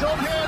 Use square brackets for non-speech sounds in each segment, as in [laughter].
Don't here.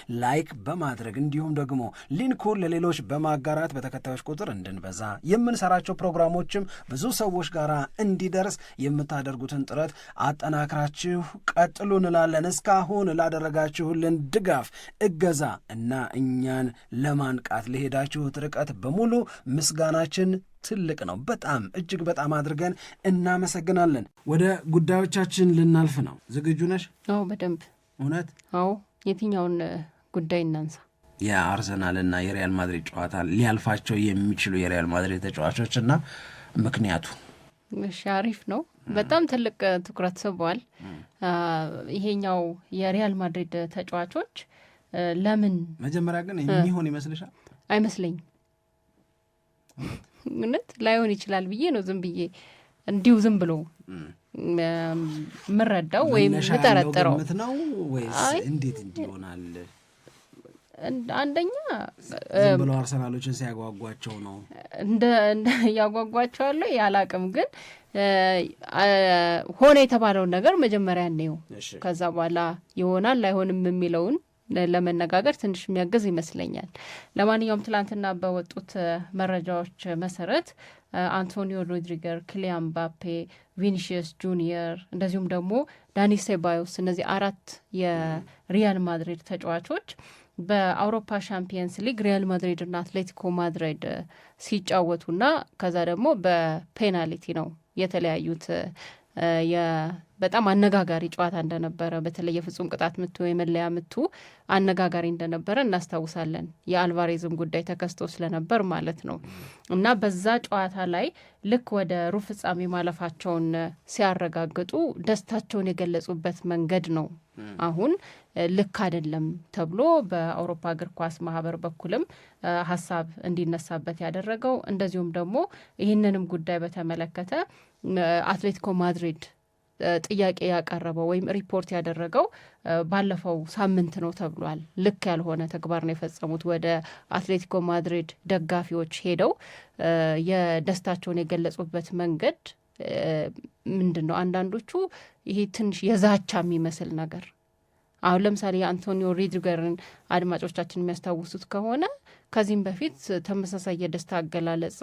ላይክ በማድረግ እንዲሁም ደግሞ ሊንኩን ለሌሎች በማጋራት በተከታዮች ቁጥር እንድንበዛ የምንሰራቸው ፕሮግራሞችም ብዙ ሰዎች ጋር እንዲደርስ የምታደርጉትን ጥረት አጠናክራችሁ ቀጥሉ እንላለን። እስካሁን ላደረጋችሁልን ድጋፍ፣ እገዛ እና እኛን ለማንቃት ለሄዳችሁት ርቀት በሙሉ ምስጋናችን ትልቅ ነው። በጣም እጅግ በጣም አድርገን እናመሰግናለን። ወደ ጉዳዮቻችን ልናልፍ ነው። ዝግጁ ነሽ? አዎ፣ በደንብ እውነት። አዎ፣ የትኛውን ጉዳይ እናንሳ። የአርሰናልና የሪያል ማድሪድ ጨዋታ ሊያልፋቸው የሚችሉ የሪያል ማድሪድ ተጫዋቾች እና ምክንያቱ አሪፍ ነው። በጣም ትልቅ ትኩረት ስቧል። ይሄኛው የሪያል ማድሪድ ተጫዋቾች ለምን መጀመሪያ ግን የሚሆን ይመስልሻል? አይመስለኝም። እውነት ላይሆን ይችላል ብዬ ነው ዝም ብዬ እንዲሁ ዝም ብሎ ምረዳው ወይም ምጠረጥረው ነው ወይስ እንዴት እንዲሆናል አንደኛ ዝም ብለው አርሰናሎችን ሲያጓጓቸው ነው እንደ እያጓጓቸው ያላቅም ግን ሆነ የተባለውን ነገር መጀመሪያ እንየው፣ ከዛ በኋላ ይሆናል አይሆንም የሚለውን ለመነጋገር ትንሽ የሚያግዝ ይመስለኛል። ለማንኛውም ትላንትና በወጡት መረጃዎች መሰረት አንቶኒዮ ሮድሪገር፣ ክሊያን ምባፔ፣ ቪኒሺየስ ጁኒየር እንደዚሁም ደግሞ ዳኒ ሴባዮስ እነዚህ አራት የሪያል ማድሪድ ተጫዋቾች በአውሮፓ ሻምፒየንስ ሊግ ሪያል ማድሪድ ና አትሌቲኮ ማድሪድ ሲጫወቱና ከዛ ደግሞ በፔናልቲ ነው የተለያዩት። በጣም አነጋጋሪ ጨዋታ እንደነበረ በተለይ የፍጹም ቅጣት ምቱ የመለያ ምቱ አነጋጋሪ እንደነበረ እናስታውሳለን። የአልቫሬዝም ጉዳይ ተከስቶ ስለነበር ማለት ነው እና በዛ ጨዋታ ላይ ልክ ወደ ሩብ ፍጻሜ ማለፋቸውን ሲያረጋግጡ ደስታቸውን የገለጹበት መንገድ ነው አሁን ልክ አይደለም ተብሎ በአውሮፓ እግር ኳስ ማህበር በኩልም ሀሳብ እንዲነሳበት ያደረገው እንደዚሁም ደግሞ ይህንንም ጉዳይ በተመለከተ አትሌቲኮ ማድሪድ ጥያቄ ያቀረበው ወይም ሪፖርት ያደረገው ባለፈው ሳምንት ነው ተብሏል። ልክ ያልሆነ ተግባር ነው የፈጸሙት። ወደ አትሌቲኮ ማድሪድ ደጋፊዎች ሄደው የደስታቸውን የገለጹበት መንገድ ምንድን ነው? አንዳንዶቹ ይሄ ትንሽ የዛቻ የሚመስል ነገር አሁን ለምሳሌ የአንቶኒዮ ሪድገርን አድማጮቻችን የሚያስታውሱት ከሆነ ከዚህም በፊት ተመሳሳይ የደስታ አገላለጽ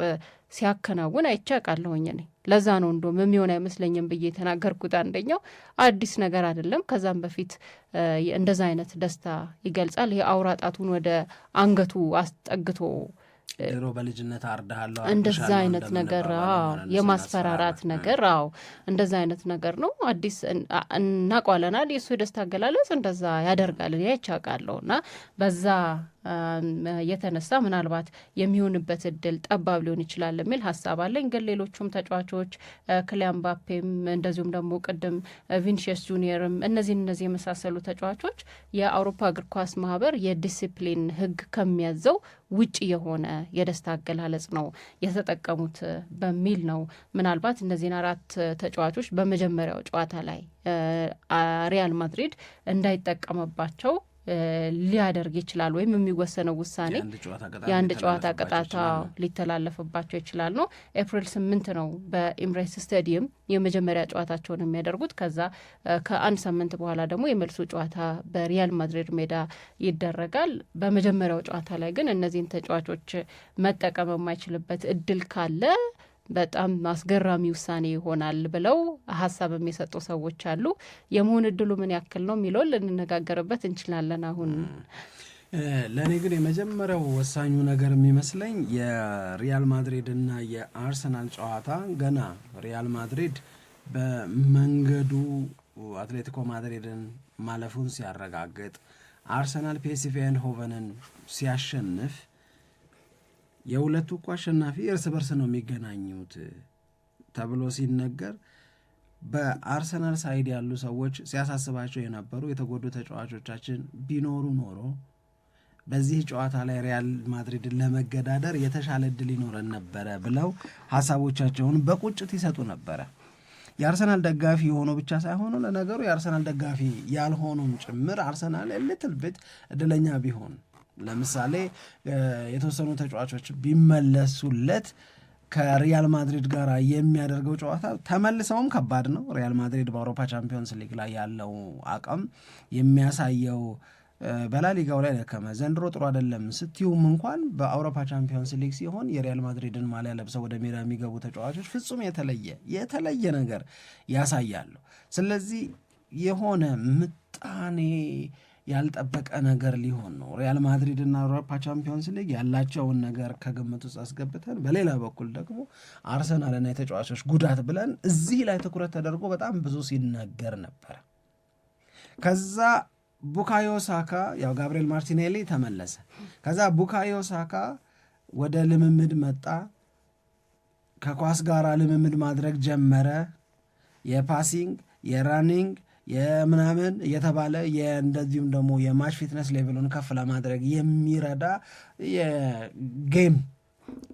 ሲያከናውን አይቼ አውቃለሁኝ። እኔ ለዛ ነው እንደውም የሚሆን አይመስለኝም ብዬ የተናገርኩት። አንደኛው አዲስ ነገር አይደለም። ከዛም በፊት እንደዛ አይነት ደስታ ይገልጻል። ይህ አውራ ጣቱን ወደ አንገቱ አስጠግቶ ድሮ በልጅነት አርዳሃለሁ እንደዛ አይነት ነገር የማስፈራራት ነገር አዎ እንደዛ አይነት ነገር ነው። አዲስ እናቋለናል የእሱ የደስታ አገላለጽ እንደዛ ያደርጋል ያይቻቃለሁ እና በዛ የተነሳ ምናልባት የሚሆንበት እድል ጠባብ ሊሆን ይችላል የሚል ሀሳብ አለኝ። ግን ሌሎቹም ተጫዋቾች ክሊያን ባፔም እንደዚሁም ደግሞ ቅድም ቪንሽስ ጁኒየርም እነዚህን እነዚህ የመሳሰሉ ተጫዋቾች የአውሮፓ እግር ኳስ ማህበር የዲሲፕሊን ህግ ከሚያዘው ውጭ የሆነ የደስታ አገላለጽ ነው የተጠቀሙት በሚል ነው። ምናልባት እነዚህን አራት ተጫዋቾች በመጀመሪያው ጨዋታ ላይ ሪያል ማድሪድ እንዳይጠቀምባቸው ሊያደርግ ይችላል ወይም የሚወሰነው ውሳኔ የአንድ ጨዋታ ቅጣታ ሊተላለፍባቸው ይችላል ነው። ኤፕሪል ስምንት ነው በኢምሬስ ስታዲየም የመጀመሪያ ጨዋታቸውን የሚያደርጉት። ከዛ ከአንድ ሳምንት በኋላ ደግሞ የመልሱ ጨዋታ በሪያል ማድሪድ ሜዳ ይደረጋል። በመጀመሪያው ጨዋታ ላይ ግን እነዚህን ተጫዋቾች መጠቀም የማይችልበት እድል ካለ በጣም አስገራሚ ውሳኔ ይሆናል ብለው ሀሳብ የሚሰጡ ሰዎች አሉ። የመሆን እድሉ ምን ያክል ነው የሚለውን ልንነጋገርበት እንችላለን። አሁን ለእኔ ግን የመጀመሪያው ወሳኙ ነገር የሚመስለኝ የሪያል ማድሪድ እና የአርሰናል ጨዋታ ገና ሪያል ማድሪድ በመንገዱ አትሌቲኮ ማድሪድን ማለፉን ሲያረጋግጥ፣ አርሰናል ፒኤስቪ አይንድሆቨንን ሲያሸንፍ የሁለቱ እኮ አሸናፊ እርስ በርስ ነው የሚገናኙት ተብሎ ሲነገር በአርሰናል ሳይድ ያሉ ሰዎች ሲያሳስባቸው የነበሩ የተጎዱ ተጫዋቾቻችን ቢኖሩ ኖሮ በዚህ ጨዋታ ላይ ሪያል ማድሪድን ለመገዳደር የተሻለ እድል ይኖረን ነበረ ብለው ሀሳቦቻቸውን በቁጭት ይሰጡ ነበረ። የአርሰናል ደጋፊ የሆኑ ብቻ ሳይሆኑ ለነገሩ የአርሰናል ደጋፊ ያልሆኑም ጭምር አርሰናል ልትል እድለኛ ቢሆን ለምሳሌ የተወሰኑ ተጫዋቾች ቢመለሱለት ከሪያል ማድሪድ ጋር የሚያደርገው ጨዋታ ተመልሰውም ከባድ ነው። ሪያል ማድሪድ በአውሮፓ ቻምፒዮንስ ሊግ ላይ ያለው አቅም የሚያሳየው በላሊጋው ላይ ደከመ፣ ዘንድሮ ጥሩ አይደለም ስትዩም እንኳን በአውሮፓ ቻምፒዮንስ ሊግ ሲሆን የሪያል ማድሪድን ማሊያ ለብሰው ወደ ሜዳ የሚገቡ ተጫዋቾች ፍጹም የተለየ የተለየ ነገር ያሳያሉ። ስለዚህ የሆነ ምጣኔ ያልጠበቀ ነገር ሊሆን ነው። ሪያል ማድሪድ እና አውሮፓ ቻምፒዮንስ ሊግ ያላቸውን ነገር ከግምት ውስጥ አስገብተን፣ በሌላ በኩል ደግሞ አርሰናልና የተጫዋቾች ጉዳት ብለን እዚህ ላይ ትኩረት ተደርጎ በጣም ብዙ ሲነገር ነበረ። ከዛ ቡካዮ ሳካ ያው ጋብሪኤል ማርቲኔሊ ተመለሰ። ከዛ ቡካዮ ሳካ ወደ ልምምድ መጣ። ከኳስ ጋር ልምምድ ማድረግ ጀመረ። የፓሲንግ የራኒንግ የምናምን የተባለ እንደዚሁም ደግሞ የማች ፊትነስ ሌቭሉን ከፍ ለማድረግ የሚረዳ የጌም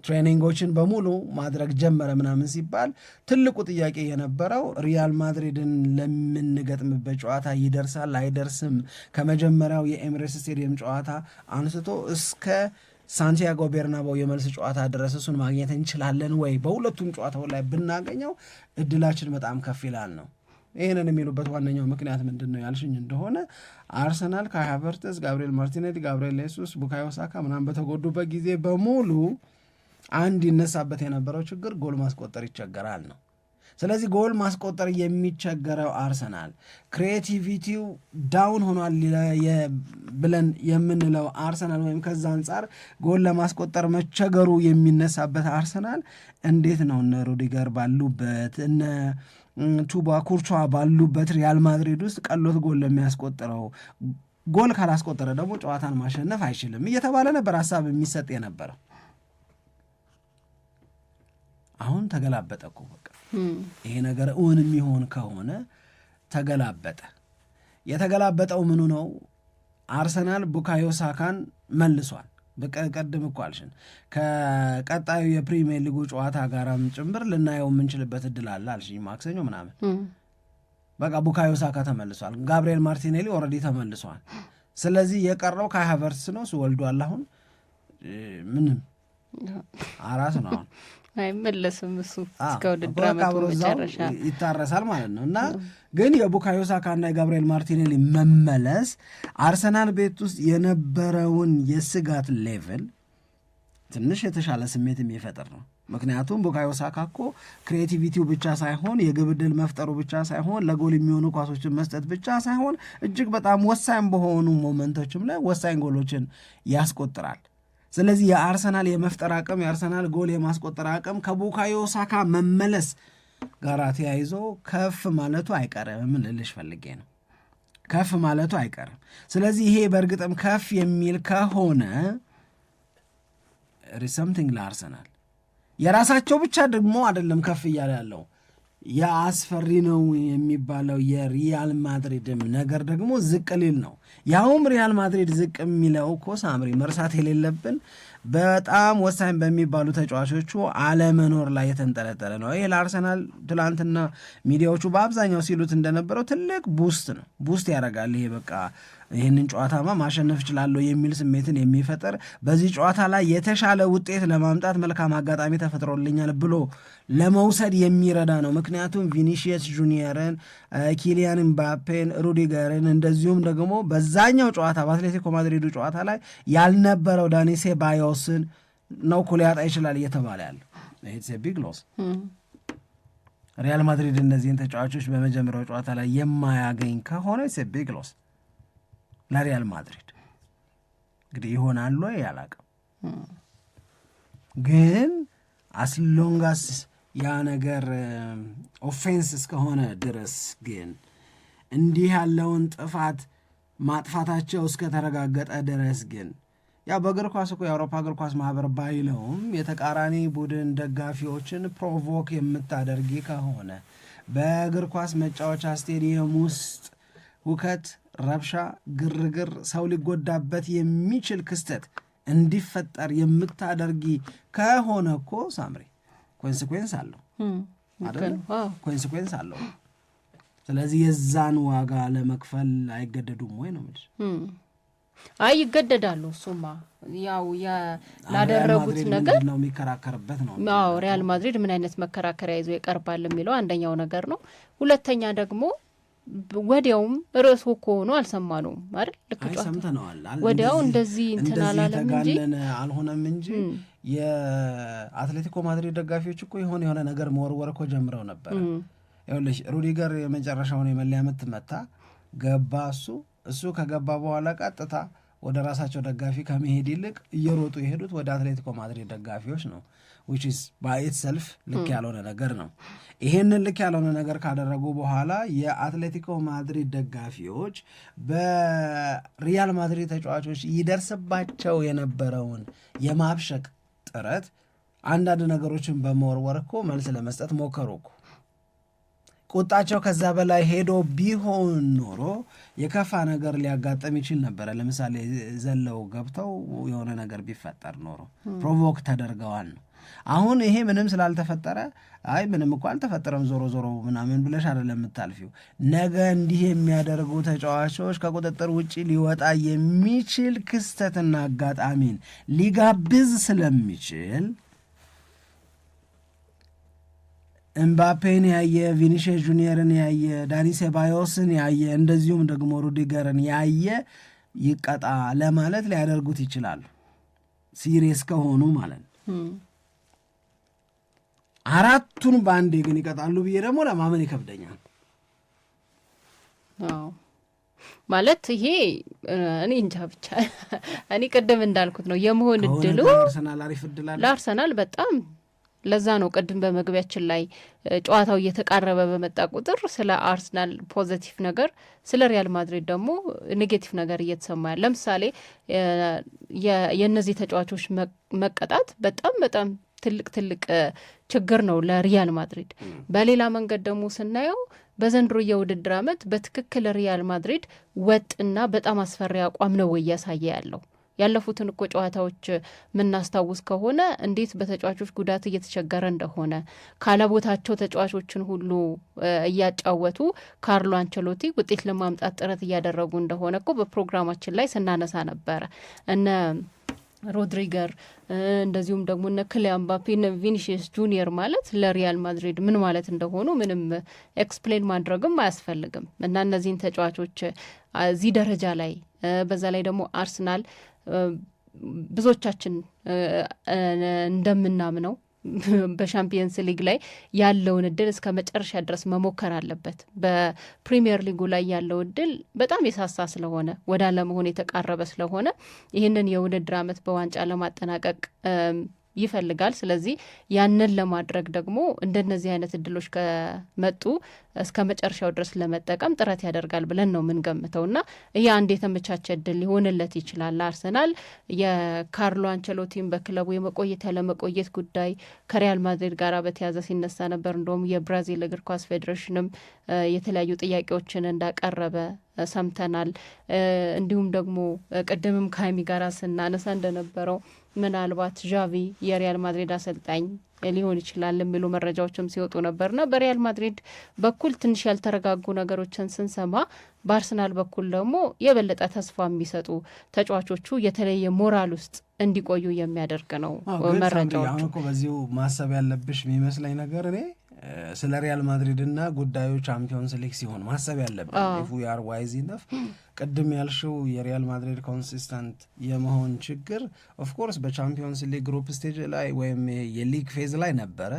ትሬኒንጎችን በሙሉ ማድረግ ጀመረ ምናምን ሲባል ትልቁ ጥያቄ የነበረው ሪያል ማድሪድን ለምንገጥምበት ጨዋታ ይደርሳል አይደርስም? ከመጀመሪያው የኤምሬስ ስቴዲየም ጨዋታ አንስቶ እስከ ሳንቲያጎ ቤርናባው የመልስ ጨዋታ ድረስ እሱን ማግኘት እንችላለን ወይ? በሁለቱም ጨዋታው ላይ ብናገኘው እድላችን በጣም ከፍ ይላል ነው ይህንን የሚሉበት ዋነኛው ምክንያት ምንድን ነው ያልሽኝ እንደሆነ አርሰናል ከሃቨርትዝ፣ ጋብሪኤል ማርቲኔሊ፣ ጋብሪኤል ሌሱስ፣ ቡካዮ ሳካ ምናምን በተጎዱበት ጊዜ በሙሉ አንድ ይነሳበት የነበረው ችግር ጎል ማስቆጠር ይቸገራል ነው ስለዚህ ጎል ማስቆጠር የሚቸገረው አርሰናል ክሬቲቪቲው ዳውን ሆኗል ብለን የምንለው አርሰናል ወይም ከዛ አንጻር ጎል ለማስቆጠር መቸገሩ የሚነሳበት አርሰናል እንዴት ነው እነ ሩዲገር ባሉበት እነ ቱባ ኩርቿ ባሉበት ሪያል ማድሪድ ውስጥ ቀሎት ጎል ለሚያስቆጥረው ጎል ካላስቆጠረ ደግሞ ጨዋታን ማሸነፍ አይችልም እየተባለ ነበር ሀሳብ የሚሰጥ የነበረው። አሁን ተገላበጠ እኮ በቃ ይሄ ነገር እውን የሚሆን ከሆነ ተገላበጠ። የተገላበጠው ምኑ ነው? አርሰናል ቡካዮ ሳካን መልሷል። ቅድም እኮ አልሽን ከቀጣዩ የፕሪሚየር ሊጉ ጨዋታ ጋራም ጭምር ልናየው የምንችልበት እድል አለ አልሽኝ። ማክሰኞ ምናምን በቃ ቡካዮ ሳካ ተመልሷል። ጋብሪኤል ማርቲኔሊ ኦልሬዲ ተመልሷል። ስለዚህ የቀረው ካይ ሃቨርትስ ነው። ስወልዷል አሁን ምንም አራት ነው አሁን አይመለስም እሱ እስከ ውድድር ዓመቱ መጨረሻ ይታረሳል ማለት ነው። እና ግን የቡካዮ እና የጋብርኤል ማርቲኔሊ መመለስ አርሰናል ቤት ውስጥ የነበረውን የስጋት ሌቭል ትንሽ የተሻለ ስሜት የሚፈጥር ነው። ምክንያቱም ቡካዮ ሳካ እኮ ክሬቲቪቲው ብቻ ሳይሆን የግብ ዕድል መፍጠሩ ብቻ ሳይሆን ለጎል የሚሆኑ ኳሶችን መስጠት ብቻ ሳይሆን እጅግ በጣም ወሳኝ በሆኑ ሞመንቶችም ላይ ወሳኝ ጎሎችን ያስቆጥራል። ስለዚህ የአርሰናል የመፍጠር አቅም የአርሰናል ጎል የማስቆጠር አቅም ከቡካዮ ሳካ መመለስ ጋር ተያይዞ ከፍ ማለቱ አይቀርም ልልሽ ፈልጌ ነው። ከፍ ማለቱ አይቀርም። ስለዚህ ይሄ በእርግጥም ከፍ የሚል ከሆነ ሪሰምቲንግ ለአርሰናል የራሳቸው ብቻ ደግሞ አይደለም ከፍ እያለ ያለው የአስፈሪ ነው የሚባለው የሪያል ማድሪድም ነገር ደግሞ ዝቅ ሊል ነው። ያውም ሪያል ማድሪድ ዝቅ የሚለው እኮ ሳምሪ መርሳት የሌለብን በጣም ወሳኝ በሚባሉ ተጫዋቾቹ አለመኖር ላይ የተንጠለጠለ ነው። ይሄ ለአርሰናል ትላንትና ሚዲያዎቹ በአብዛኛው ሲሉት እንደነበረው ትልቅ ቡስት ነው፣ ቡስት ያደርጋል። ይሄ በቃ ይህንን ጨዋታማ ማሸነፍ እችላለሁ የሚል ስሜትን የሚፈጠር በዚህ ጨዋታ ላይ የተሻለ ውጤት ለማምጣት መልካም አጋጣሚ ተፈጥሮልኛል ብሎ ለመውሰድ የሚረዳ ነው። ምክንያቱም ቪኒሽየስ ጁኒየርን፣ ኪሊያን ምባፔን፣ ሩዲገርን እንደዚሁም ደግሞ በዛኛው ጨዋታ በአትሌቲኮ ማድሪዱ ጨዋታ ላይ ያልነበረው ዳኒ ሴባዮስን ነው እኮ ሊያጣ ይችላል እየተባለ ያለው ኢትስ ቢግ ሎስ። ሪያል ማድሪድ እነዚህን ተጫዋቾች በመጀመሪያው ጨዋታ ላይ የማያገኝ ከሆነ ኢትስ ቢግ ሎስ ለሪያል ማድሪድ። እንግዲህ ይሆናሉ ያላቅም ግን አስሎንጋስ ያ ነገር ኦፌንስ እስከሆነ ድረስ ግን እንዲህ ያለውን ጥፋት ማጥፋታቸው እስከተረጋገጠ ድረስ ግን ያው በእግር ኳስ እኮ የአውሮፓ እግር ኳስ ማህበር ባይለውም የተቃራኒ ቡድን ደጋፊዎችን ፕሮቮክ የምታደርጊ ከሆነ በእግር ኳስ መጫወቻ ስቴዲየም ውስጥ ሁከት፣ ረብሻ፣ ግርግር፣ ሰው ሊጎዳበት የሚችል ክስተት እንዲፈጠር የምታደርጊ ከሆነ እኮ ሳምሪ ኮንስኩዌንስ አለው፣ ኮንስኩዌንስ አለው። ስለዚህ የዛን ዋጋ ለመክፈል አይገደዱም ወይ ነው ምድር አይ ይገደዳሉ። እሱማ ያው ላደረጉት ነገር ነው የሚከራከርበት ነው። ሪያል ማድሪድ ምን አይነት መከራከሪያ ይዞ ይቀርባል የሚለው አንደኛው ነገር ነው። ሁለተኛ ደግሞ ወዲያውም ርዕሱ እኮ ሆኖ አልሰማነውም አይደል? ልክ ሰምተነዋል። ወዲያው እንደዚህ እንትን አላለም አልሆነም እንጂ የአትሌቲኮ ማድሪድ ደጋፊዎች እኮ የሆነ የሆነ ነገር መወርወር እኮ ጀምረው ነበር ይኸውልሽ ሩዲገር የመጨረሻውን የመለያ ምት መታ ገባ። እሱ እሱ ከገባ በኋላ ቀጥታ ወደ ራሳቸው ደጋፊ ከመሄድ ይልቅ እየሮጡ የሄዱት ወደ አትሌቲኮ ማድሪድ ደጋፊዎች ነው። ዊች ኢዝ ሰልፍ ልክ ያልሆነ ነገር ነው። ይሄንን ልክ ያልሆነ ነገር ካደረጉ በኋላ የአትሌቲኮ ማድሪድ ደጋፊዎች በሪያል ማድሪድ ተጫዋቾች ይደርስባቸው የነበረውን የማብሸቅ ጥረት አንዳንድ ነገሮችን በመወርወር እኮ መልስ ለመስጠት ሞከሩ እኮ ቁጣቸው ከዛ በላይ ሄዶ ቢሆን ኖሮ የከፋ ነገር ሊያጋጥም ይችል ነበረ። ለምሳሌ ዘለው ገብተው የሆነ ነገር ቢፈጠር ኖሮ ፕሮቮክ ተደርገዋል ነው። አሁን ይሄ ምንም ስላልተፈጠረ አይ ምንም እኮ አልተፈጠረም ዞሮ ዞሮ ምናምን ብለሽ አይደለም የምታልፊው። ነገ እንዲህ የሚያደርጉ ተጫዋቾች ከቁጥጥር ውጭ ሊወጣ የሚችል ክስተትና አጋጣሚን ሊጋብዝ ስለሚችል ኤምባፔን ያየ ቪኒሽስ ጁኒየርን ያየ ዳኒ ሴባዮስን ያየ እንደዚሁም ደግሞ ሩዲገርን ያየ ይቀጣ ለማለት ሊያደርጉት ይችላሉ። ሲሪየስ ከሆኑ ማለት ነው። አራቱን በአንዴ ግን ይቀጣሉ ብዬ ደግሞ ለማመን ይከብደኛል። ማለት ይሄ እኔ እንጃ ብቻ [laughs] እኔ ቅድም እንዳልኩት ነው የመሆን እድሉ ለአርሰናል በጣም ለዛ ነው ቅድም በመግቢያችን ላይ ጨዋታው እየተቃረበ በመጣ ቁጥር ስለ አርሰናል ፖዘቲቭ ነገር፣ ስለ ሪያል ማድሪድ ደግሞ ኔጌቲቭ ነገር እየተሰማ ያለ። ለምሳሌ የእነዚህ ተጫዋቾች መቀጣት በጣም በጣም ትልቅ ትልቅ ችግር ነው ለሪያል ማድሪድ። በሌላ መንገድ ደግሞ ስናየው በዘንድሮ የውድድር ዓመት በትክክል ሪያል ማድሪድ ወጥና በጣም አስፈሪ አቋም ነው እያሳየ ያለው ያለፉትን እኮ ጨዋታዎች የምናስታውስ ከሆነ እንዴት በተጫዋቾች ጉዳት እየተቸገረ እንደሆነ ካለቦታቸው ተጫዋቾችን ሁሉ እያጫወቱ ካርሎ አንቸሎቲ ውጤት ለማምጣት ጥረት እያደረጉ እንደሆነ እኮ በፕሮግራማችን ላይ ስናነሳ ነበረ እነ ሮድሪገር እንደዚሁም ደግሞ እነ ክሊያን ምባፔ ቪኒሽስ ጁኒየር ማለት ለሪያል ማድሪድ ምን ማለት እንደሆኑ ምንም ኤክስፕሌን ማድረግም አያስፈልግም እና እነዚህን ተጫዋቾች እዚህ ደረጃ ላይ በዛ ላይ ደግሞ አርስናል ብዙዎቻችን እንደምናምነው [laughs] በሻምፒየንስ ሊግ ላይ ያለውን እድል እስከ መጨረሻ ድረስ መሞከር አለበት። በፕሪሚየር ሊጉ ላይ ያለው እድል በጣም የሳሳ ስለሆነ ወደ አለመሆን የተቃረበ ስለሆነ ይህንን የውድድር አመት በዋንጫ ለማጠናቀቅ ይፈልጋል። ስለዚህ ያንን ለማድረግ ደግሞ እንደነዚህ አይነት እድሎች ከመጡ እስከ መጨረሻው ድረስ ለመጠቀም ጥረት ያደርጋል ብለን ነው የምንገምተው እና ይህ አንድ የተመቻቸ እድል ሊሆንለት ይችላል። አርሰናል የካርሎ አንቸሎቲን በክለቡ የመቆየት ያለመቆየት ጉዳይ ከሪያል ማድሪድ ጋር በተያዘ ሲነሳ ነበር። እንደውም የብራዚል እግር ኳስ ፌዴሬሽንም የተለያዩ ጥያቄዎችን እንዳቀረበ ሰምተናል። እንዲሁም ደግሞ ቅድምም ከሀይሚ ጋራ ስናነሳ እንደነበረው ምናልባት ዣቪ የሪያል ማድሪድ አሰልጣኝ ሊሆን ይችላል የሚሉ መረጃዎችም ሲወጡ ነበርና በሪያል ማድሪድ በኩል ትንሽ ያልተረጋጉ ነገሮችን ስንሰማ፣ በአርሰናል በኩል ደግሞ የበለጠ ተስፋ የሚሰጡ ተጫዋቾቹ የተለየ ሞራል ውስጥ እንዲቆዩ የሚያደርግ ነው መረጃዎቹ። በዚሁ ማሰብ ያለብሽ የሚመስለኝ ነገር እኔ ስለ ሪያል ማድሪድ እና ጉዳዩ ቻምፒዮንስ ሊግ ሲሆን ማሰብ ያለብን ፉ ያር ዋይዝ ኢነፍ ቅድም ያልሽው የሪያል ማድሪድ ኮንሲስተንት የመሆን ችግር ኦፍኮርስ በቻምፒዮንስ ሊግ ግሩፕ ስቴጅ ላይ ወይም የሊግ ፌዝ ላይ ነበረ።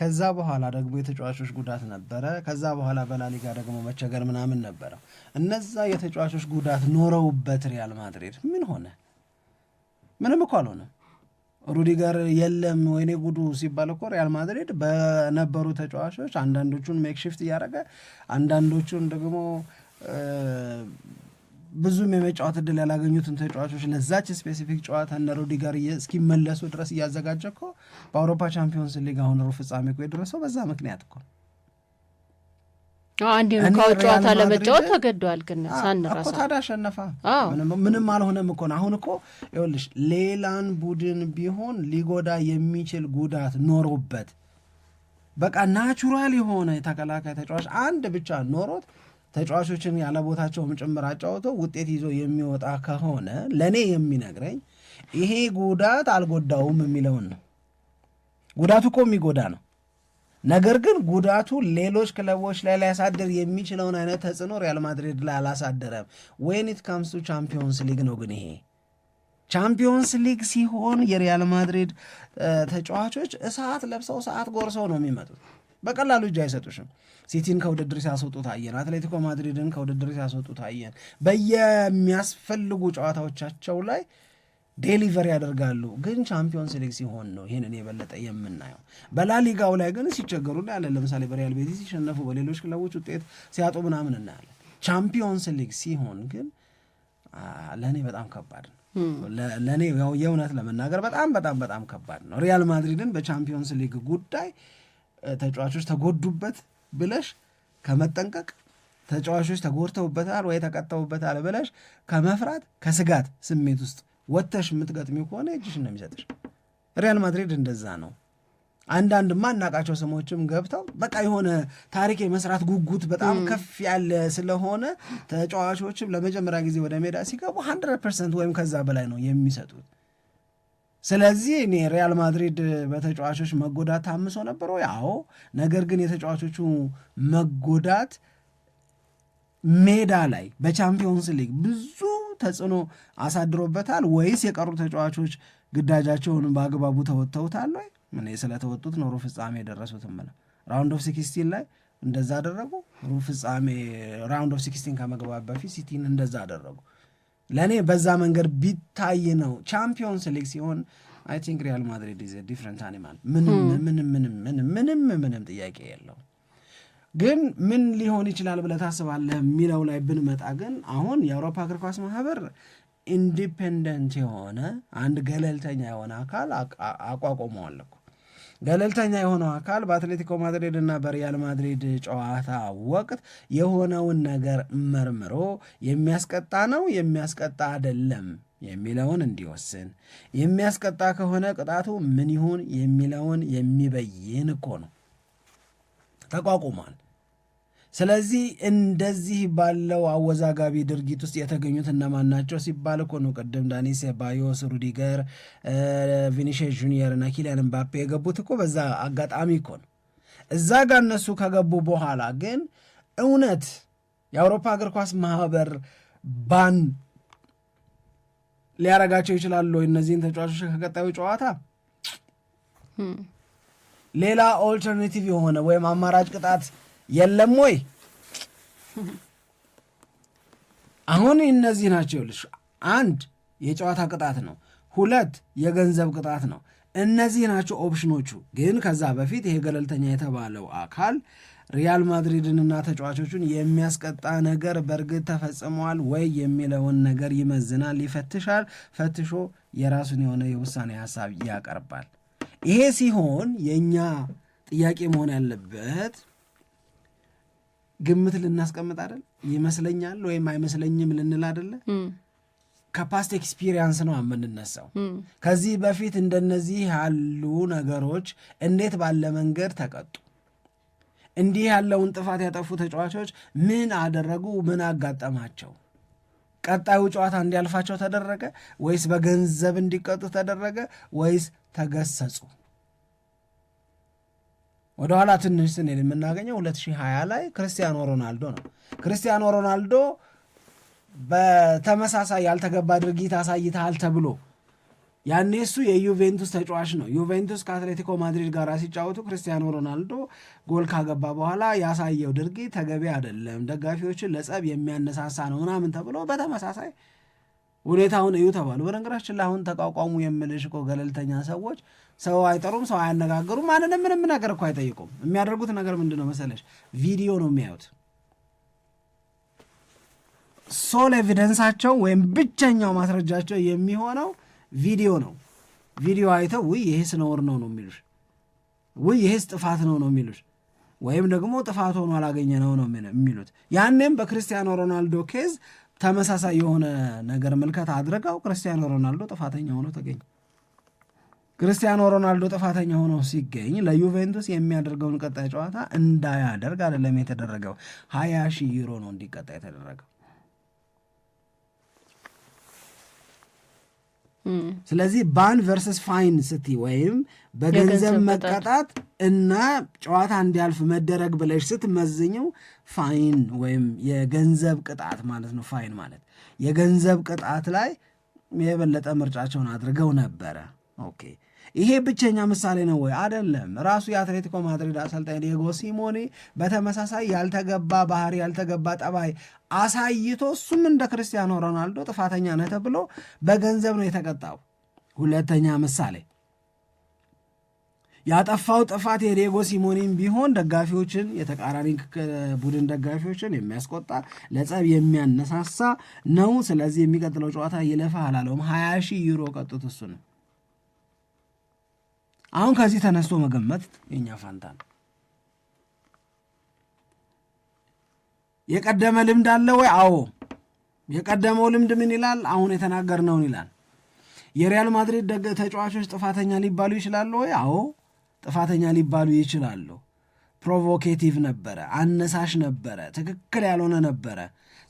ከዛ በኋላ ደግሞ የተጫዋቾች ጉዳት ነበረ። ከዛ በኋላ በላሊጋ ደግሞ መቸገር ምናምን ነበረ። እነዛ የተጫዋቾች ጉዳት ኖረውበት ሪያል ማድሪድ ምን ሆነ? ምንም እኮ አልሆነም። ሩዲገር የለም ወይኔ ጉዱ ሲባል እኮ ሪያል ማድሪድ በነበሩ ተጫዋቾች አንዳንዶቹን ሜክሽፍት እያደረገ አንዳንዶቹን ደግሞ ብዙም የመጫወት እድል ያላገኙትን ተጫዋቾች ለዛች ስፔሲፊክ ጨዋታ እነ ሩዲገር እስኪመለሱ ድረስ እያዘጋጀ እኮ በአውሮፓ ቻምፒዮንስ ሊግ አሁን ሩብ ፍጻሜ እኮ የደረሰው በዛ ምክንያት እኮ ነው። እንዲሁም ከጨዋታ ለመጫወት ተገደዋል። ግን ሳንራሳ ታዲያ አሸነፋ ምንም አልሆነም እኮ ነው። አሁን እኮ ይኸውልሽ ሌላን ቡድን ቢሆን ሊጎዳ የሚችል ጉዳት ኖሮበት በቃ ናቹራል የሆነ የተከላካይ ተጫዋች አንድ ብቻ ኖሮት ተጫዋቾችን ያለ ቦታቸውም ጭምር አጫውቶ ውጤት ይዞ የሚወጣ ከሆነ ለእኔ የሚነግረኝ ይሄ ጉዳት አልጎዳውም የሚለውን ነው። ጉዳቱ እኮ የሚጎዳ ነው። ነገር ግን ጉዳቱ ሌሎች ክለቦች ላይ ሊያሳድር የሚችለውን አይነት ተጽዕኖ ሪያል ማድሪድ ላይ አላሳደረም። ዌን ኢት ካምስ ቱ ቻምፒዮንስ ሊግ ነው። ግን ይሄ ቻምፒዮንስ ሊግ ሲሆን የሪያል ማድሪድ ተጫዋቾች እሳት ለብሰው ሰዓት ጎርሰው ነው የሚመጡት። በቀላሉ እጅ አይሰጡሽም። ሲቲን ከውድድር ሲያስወጡ ታየን። አትሌቲኮ ማድሪድን ከውድድር ሲያስወጡ ታየን። በየሚያስፈልጉ ጨዋታዎቻቸው ላይ ዴሊቨር ያደርጋሉ። ግን ቻምፒዮንስ ሊግ ሲሆን ነው ይህንን የበለጠ የምናየው። በላሊጋው ላይ ግን ሲቸገሩ እናያለን። ለምሳሌ በሪያል ቤቲስ ሲሸነፉ፣ በሌሎች ክለቦች ውጤት ሲያጡ ምናምን እናያለን። ቻምፒዮንስ ሊግ ሲሆን ግን ለእኔ በጣም ከባድ ነው። ለእኔ የእውነት ለመናገር በጣም በጣም በጣም ከባድ ነው። ሪያል ማድሪድን በቻምፒዮንስ ሊግ ጉዳይ ተጫዋቾች ተጎዱበት ብለሽ ከመጠንቀቅ ተጫዋቾች ተጎድተውበታል ወይ ተቀጥተውበታል ብለሽ ከመፍራት ከስጋት ስሜት ውስጥ ወጥተሽ የምትገጥሚው ከሆነ እጅሽን ነው የሚሰጥሽ። ሪያል ማድሪድ እንደዛ ነው። አንዳንድ ማናቃቸው ስሞችም ገብተው በቃ የሆነ ታሪክ የመስራት ጉጉት በጣም ከፍ ያለ ስለሆነ ተጫዋቾችም ለመጀመሪያ ጊዜ ወደ ሜዳ ሲገቡ ሀንድረድ ፐርሰንት ወይም ከዛ በላይ ነው የሚሰጡት። ስለዚህ እኔ ሪያል ማድሪድ በተጫዋቾች መጎዳት ታምሶ ነበር ወይ? አዎ። ነገር ግን የተጫዋቾቹ መጎዳት ሜዳ ላይ በቻምፒዮንስ ሊግ ብዙ ተጽዕኖ አሳድሮበታል ወይስ የቀሩ ተጫዋቾች ግዳጃቸውን በአግባቡ ተወጥተውታል ወይ? ስለተወጡት ነው ሩ ፍጻሜ የደረሱት ምለ ራውንድ ኦፍ ሲክስቲን ላይ እንደዛ አደረጉ። ሩብ ፍጻሜ ራውንድ ኦፍ ሲክስቲን ከመግባት በፊት ሲቲን እንደዛ አደረጉ። ለእኔ በዛ መንገድ ቢታይ ነው ቻምፒዮንስ ሊግ ሲሆን አይ ቲንክ ሪያል ማድሪድ ኢዝ ዲፍረንት አኒማል። ምንም ምንም ምንም ምንም ምንም ጥያቄ የለውም። ግን ምን ሊሆን ይችላል ብለህ ታስባለህ የሚለው ላይ ብንመጣ ግን አሁን የአውሮፓ እግር ኳስ ማህበር ኢንዲፔንደንት የሆነ አንድ ገለልተኛ የሆነ አካል አቋቁመዋል እኮ። ገለልተኛ የሆነው አካል በአትሌቲኮ ማድሪድ እና በሪያል ማድሪድ ጨዋታ ወቅት የሆነውን ነገር መርምሮ የሚያስቀጣ ነው የሚያስቀጣ አይደለም የሚለውን እንዲወስን፣ የሚያስቀጣ ከሆነ ቅጣቱ ምን ይሁን የሚለውን የሚበይን እኮ ነው ተቋቁሟል። ስለዚህ እንደዚህ ባለው አወዛጋቢ ድርጊት ውስጥ የተገኙት እነማን ናቸው ሲባል እኮ ነው ቅድም ዳኒ ሴባዮስ፣ ሩዲገር፣ ቪኒሽስ ጁኒየር እና ኪሊያን ምባፔ የገቡት እኮ በዛ አጋጣሚ እኮ ነው። እዛ ጋር እነሱ ከገቡ በኋላ ግን እውነት የአውሮፓ እግር ኳስ ማህበር ባን ሊያረጋቸው ይችላሉ እነዚህን ተጫዋቾች ከቀጣዩ ጨዋታ ሌላ ኦልተርኔቲቭ የሆነ ወይም አማራጭ ቅጣት የለም ወይ? አሁን እነዚህ ናቸው ልሽ አንድ የጨዋታ ቅጣት ነው። ሁለት የገንዘብ ቅጣት ነው። እነዚህ ናቸው ኦፕሽኖቹ። ግን ከዛ በፊት ይሄ ገለልተኛ የተባለው አካል ሪያል ማድሪድንና ተጫዋቾቹን የሚያስቀጣ ነገር በእርግጥ ተፈጽመዋል ወይ የሚለውን ነገር ይመዝናል፣ ይፈትሻል። ፈትሾ የራሱን የሆነ የውሳኔ ሀሳብ ያቀርባል። ይሄ ሲሆን የእኛ ጥያቄ መሆን ያለበት ግምት ልናስቀምጥ አይደል? ይመስለኛል ወይም አይመስለኝም ልንል አይደለ? ከፓስት ኤክስፒሪየንስ ነው የምንነሳው። ከዚህ በፊት እንደነዚህ ያሉ ነገሮች እንዴት ባለ መንገድ ተቀጡ፣ እንዲህ ያለውን ጥፋት ያጠፉ ተጫዋቾች ምን አደረጉ፣ ምን አጋጠማቸው፣ ቀጣዩ ጨዋታ እንዲያልፋቸው ተደረገ ወይስ በገንዘብ እንዲቀጡ ተደረገ ወይስ ተገሰጹ? ወደኋላ ትንሽ ስንል የምናገኘው 2020 ላይ ክርስቲያኖ ሮናልዶ ነው። ክርስቲያኖ ሮናልዶ በተመሳሳይ ያልተገባ ድርጊት አሳይተሃል ተብሎ ያኔ እሱ የዩቬንቱስ ተጫዋች ነው። ዩቬንቱስ ከአትሌቲኮ ማድሪድ ጋር ሲጫወቱ ክርስቲያኖ ሮናልዶ ጎል ካገባ በኋላ ያሳየው ድርጊት ተገቢ አይደለም፣ ደጋፊዎችን ለጸብ የሚያነሳሳ ነው ምናምን ተብሎ በተመሳሳይ ሁኔታውን እዩ ተባሉ። በነገራችን ላይ አሁን ተቋቋሙ የምልሽ እኮ ገለልተኛ ሰዎች ሰው አይጠሩም፣ ሰው አያነጋግሩም፣ ማንንም ምንም ነገር እኮ አይጠይቁም። የሚያደርጉት ነገር ምንድን ነው መሰለሽ? ቪዲዮ ነው የሚያዩት። ሶል ኤቪደንሳቸው ወይም ብቸኛው ማስረጃቸው የሚሆነው ቪዲዮ ነው። ቪዲዮ አይተው ውይ ይሄስ ነውር ነው ነው የሚሉሽ፣ ውይ ይሄስ ጥፋት ነው ነው የሚሉሽ፣ ወይም ደግሞ ጥፋት ሆኖ አላገኘ ነው ነው የሚሉት። ያኔም በክርስቲያኖ ሮናልዶ ኬዝ ተመሳሳይ የሆነ ነገር ምልከት አድርገው ክርስቲያኖ ሮናልዶ ጥፋተኛ ሆኖ ተገኘ። ክርስቲያኖ ሮናልዶ ጥፋተኛ ሆኖ ሲገኝ ለዩቬንቱስ የሚያደርገውን ቀጣይ ጨዋታ እንዳያደርግ አይደለም የተደረገው፣ ሀያ ሺህ ዩሮ ነው እንዲቀጣ የተደረገው። ስለዚህ ባን ቨርስስ ፋይን ስቲ ወይም በገንዘብ መቀጣት እና ጨዋታ እንዲያልፍ መደረግ ብለሽ ስትመዝኘው ፋይን ወይም የገንዘብ ቅጣት ማለት ነው። ፋይን ማለት የገንዘብ ቅጣት ላይ የበለጠ ምርጫቸውን አድርገው ነበረ። ኦኬ ይሄ ብቸኛ ምሳሌ ነው ወይ? አይደለም። ራሱ የአትሌቲኮ ማድሪድ አሰልጣኝ ዲየጎ ሲሞኔ በተመሳሳይ ያልተገባ ባህሪ፣ ያልተገባ ጠባይ አሳይቶ እሱም እንደ ክርስቲያኖ ሮናልዶ ጥፋተኛ ነህ ተብሎ በገንዘብ ነው የተቀጣው። ሁለተኛ ምሳሌ ያጠፋው ጥፋት የዲየጎ ሲሞኔም ቢሆን ደጋፊዎችን የተቃራኒ ቡድን ደጋፊዎችን የሚያስቆጣ ለጸብ የሚያነሳሳ ነው። ስለዚህ የሚቀጥለው ጨዋታ ይለፋ አላለውም። ሀያ ሺህ ዩሮ ቀጡት እሱ ነው አሁን ከዚህ ተነስቶ መገመት የኛ ፋንታ ነው። የቀደመ ልምድ አለ ወይ? አዎ፣ የቀደመው ልምድ ምን ይላል? አሁን የተናገርነውን ይላል። የሪያል ማድሪድ ደገ ተጫዋቾች ጥፋተኛ ሊባሉ ይችላሉ ወይ? አዎ፣ ጥፋተኛ ሊባሉ ይችላሉ። ፕሮቮኬቲቭ ነበረ፣ አነሳሽ ነበረ፣ ትክክል ያልሆነ ነበረ።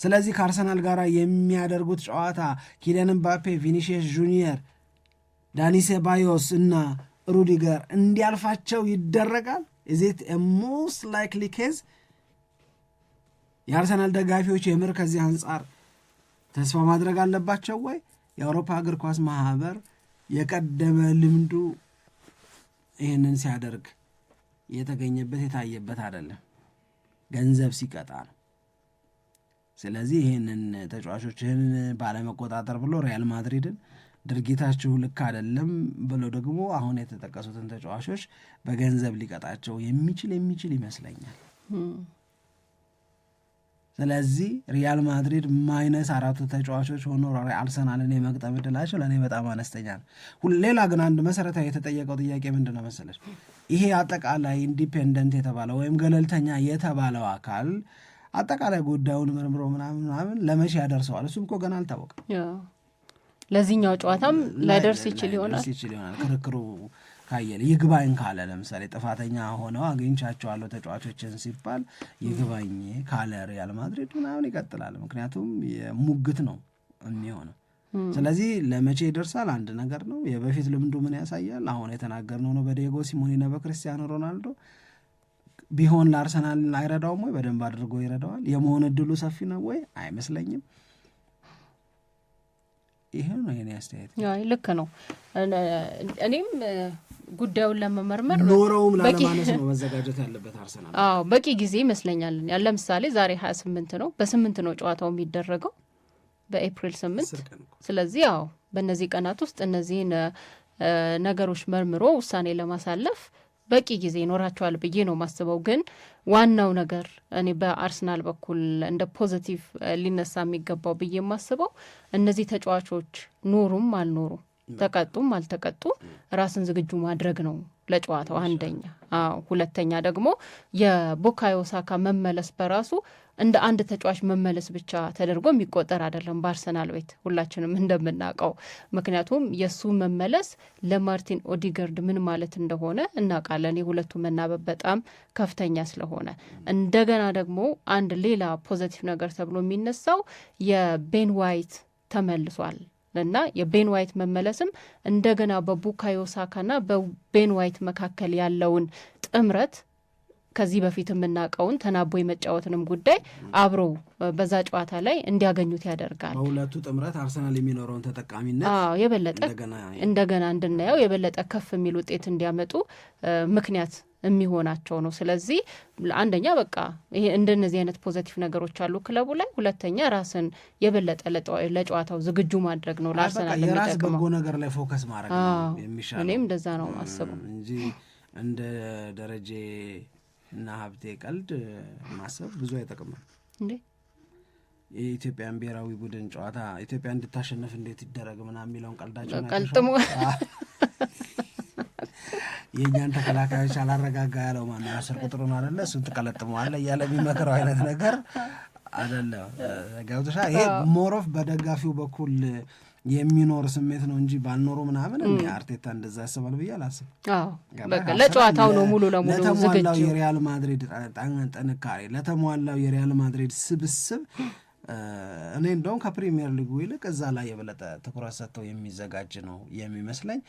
ስለዚህ ከአርሰናል ጋር የሚያደርጉት ጨዋታ ኪሊያን ምባፔ፣ ቪኒሺየስ ጁኒየር፣ ዳኒ ሴባዮስ እና ሩዲገር እንዲያልፋቸው ይደረጋል። ኢዚት ሞስት ላይክሊ ኬዝ የአርሰናል ደጋፊዎች የምር ከዚህ አንጻር ተስፋ ማድረግ አለባቸው ወይ? የአውሮፓ እግር ኳስ ማህበር የቀደመ ልምዱ ይህንን ሲያደርግ የተገኘበት የታየበት አይደለም፣ ገንዘብ ሲቀጣ ነው። ስለዚህ ይህንን ተጫዋቾችህን ባለመቆጣጠር ብሎ ሪያል ማድሪድን ድርጊታችሁ ልክ አይደለም ብለው ደግሞ አሁን የተጠቀሱትን ተጫዋቾች በገንዘብ ሊቀጣቸው የሚችል የሚችል ይመስለኛል። ስለዚህ ሪያል ማድሪድ ማይነስ አራቱ ተጫዋቾች ሆኖ አርሰናልን የመግጠም ዕድላቸው ለእኔ በጣም አነስተኛ ነው። ሌላ ግን አንድ መሰረታዊ የተጠየቀው ጥያቄ ምንድን ነው መሰለች? ይሄ አጠቃላይ ኢንዲፔንደንት የተባለው ወይም ገለልተኛ የተባለው አካል አጠቃላይ ጉዳዩን መርምሮ ምናምን ምናምን ለመቼ ያደርሰዋል? እሱም እኮ ገና አልታወቀም። ለዚህኛው ጨዋታም ላይደርስ ይችል ይሆናል ይችል ይሆናል ክርክሩ ካየለ ይግባኝ ካለ ለምሳሌ ጥፋተኛ ሆነው አግኝቻቸዋለሁ ተጫዋቾችን ሲባል ይግባኝ ካለ ሪያል ማድሪድ ምናምን ይቀጥላል። ምክንያቱም የሙግት ነው የሚሆነው። ስለዚህ ለመቼ ይደርሳል አንድ ነገር ነው። የበፊት ልምዱ ምን ያሳያል? አሁን የተናገርነው ነው። በዲየጎ ሲሞኔና በክርስቲያኖ ሮናልዶ ቢሆን ለአርሰናል አይረዳውም ወይ? በደንብ አድርጎ ይረዳዋል። የመሆን እድሉ ሰፊ ነው ወይ? አይመስለኝም። ይሄ ነው የኔ አስተያየት። ልክ ነው። እኔም ጉዳዩን ለመመርመር ኖረውም ላለማለት ነው [laughs] መዘጋጀት ያለበት አርሰናል። አዎ በቂ ጊዜ ይመስለኛል። ለምሳሌ ዛሬ ሀያ ስምንት ነው በስምንት ነው ጨዋታው የሚደረገው በኤፕሪል ስምንት ስለዚህ አዎ በእነዚህ ቀናት ውስጥ እነዚህን ነገሮች መርምሮ ውሳኔ ለማሳለፍ በቂ ጊዜ ይኖራቸዋል ብዬ ነው ማስበው ግን ዋናው ነገር እኔ በአርሰናል በኩል እንደ ፖዘቲቭ ሊነሳ የሚገባው ብዬ የማስበው እነዚህ ተጫዋቾች ኖሩም አልኖሩም ተቀጡም አልተቀጡም ራስን ዝግጁ ማድረግ ነው ለጨዋታው አንደኛ። ሁለተኛ ደግሞ የቡካዮ ሳካ መመለስ በራሱ እንደ አንድ ተጫዋች መመለስ ብቻ ተደርጎ የሚቆጠር አይደለም በአርሰናል ቤት ሁላችንም እንደምናውቀው። ምክንያቱም የእሱ መመለስ ለማርቲን ኦዲገርድ ምን ማለት እንደሆነ እናውቃለን። የሁለቱ መናበብ በጣም ከፍተኛ ስለሆነ እንደገና ደግሞ አንድ ሌላ ፖዘቲቭ ነገር ተብሎ የሚነሳው የቤን ዋይት ተመልሷል እና የቤን ዋይት መመለስም እንደገና በቡካዮ ሳካና በቤን ዋይት መካከል ያለውን ጥምረት ከዚህ በፊት የምናውቀውን ተናቦ የመጫወትንም ጉዳይ አብሮ በዛ ጨዋታ ላይ እንዲያገኙት ያደርጋል። በሁለቱ ጥምረት አርሰናል የሚኖረውን ተጠቃሚነት የበለጠ እንደገና እንድናየው የበለጠ ከፍ የሚል ውጤት እንዲያመጡ ምክንያት የሚሆናቸው ነው። ስለዚህ አንደኛ በቃ ይሄ እንደነዚህ አይነት ፖዘቲቭ ነገሮች አሉ ክለቡ ላይ፣ ሁለተኛ ራስን የበለጠ ለጨዋታው ዝግጁ ማድረግ ነው። ለአርሰናል የራስ በጎ ነገር ላይ ፎከስ ማድረግ ነው የሚሻለው። እኔም እንደዛ ነው ማስበው እንጂ እንደ ደረጀ እና ሀብቴ ቀልድ ማሰብ ብዙ አይጠቅምም እንዴ የኢትዮጵያን ብሔራዊ ቡድን ጨዋታ ኢትዮጵያ እንድታሸንፍ እንዴት ይደረግ ምናምን የሚለውን ቀልዳቸው ቀልጥሞ የእኛን ተከላካዮች አላረጋጋ ያለው ማነው? አስር ቁጥሩን አደለ እሱን ትቀለጥመዋለ እያለ የሚመክረው አይነት ነገር አደለ። ገብቶሻል? ይሄ ሞሮፍ በደጋፊው በኩል የሚኖር ስሜት ነው እንጂ ባልኖሩ ምናምን እ አርቴታ እንደዛ ያስባል ብዬ አላስብ። ለጨዋታው ነው ሙሉ ለሙሉ ለተሟላው የሪያል ማድሪድ ጥንካሬ ለተሟላው የሪያል ማድሪድ ስብስብ እኔ እንደውም ከፕሪሚየር ሊጉ ይልቅ እዛ ላይ የበለጠ ትኩረት ሰጥተው የሚዘጋጅ ነው የሚመስለኝ።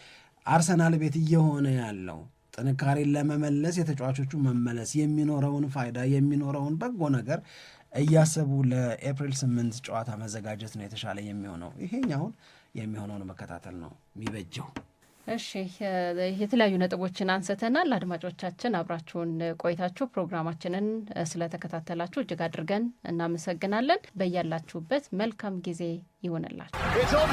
አርሰናል ቤት እየሆነ ያለው ጥንካሬን ለመመለስ የተጫዋቾቹ መመለስ የሚኖረውን ፋይዳ የሚኖረውን በጎ ነገር እያሰቡ ለኤፕሪል ስምንት ጨዋታ መዘጋጀት ነው የተሻለ የሚሆነው። ይሄኛውን የሚሆነውን መከታተል ነው የሚበጀው። እሺ የተለያዩ ነጥቦችን አንስተናል። አድማጮቻችን አብራችሁን ቆይታችሁ ፕሮግራማችንን ስለተከታተላችሁ እጅግ አድርገን እናመሰግናለን። በያላችሁበት መልካም ጊዜ ይሆንላችሁ።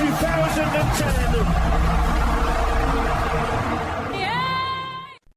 2010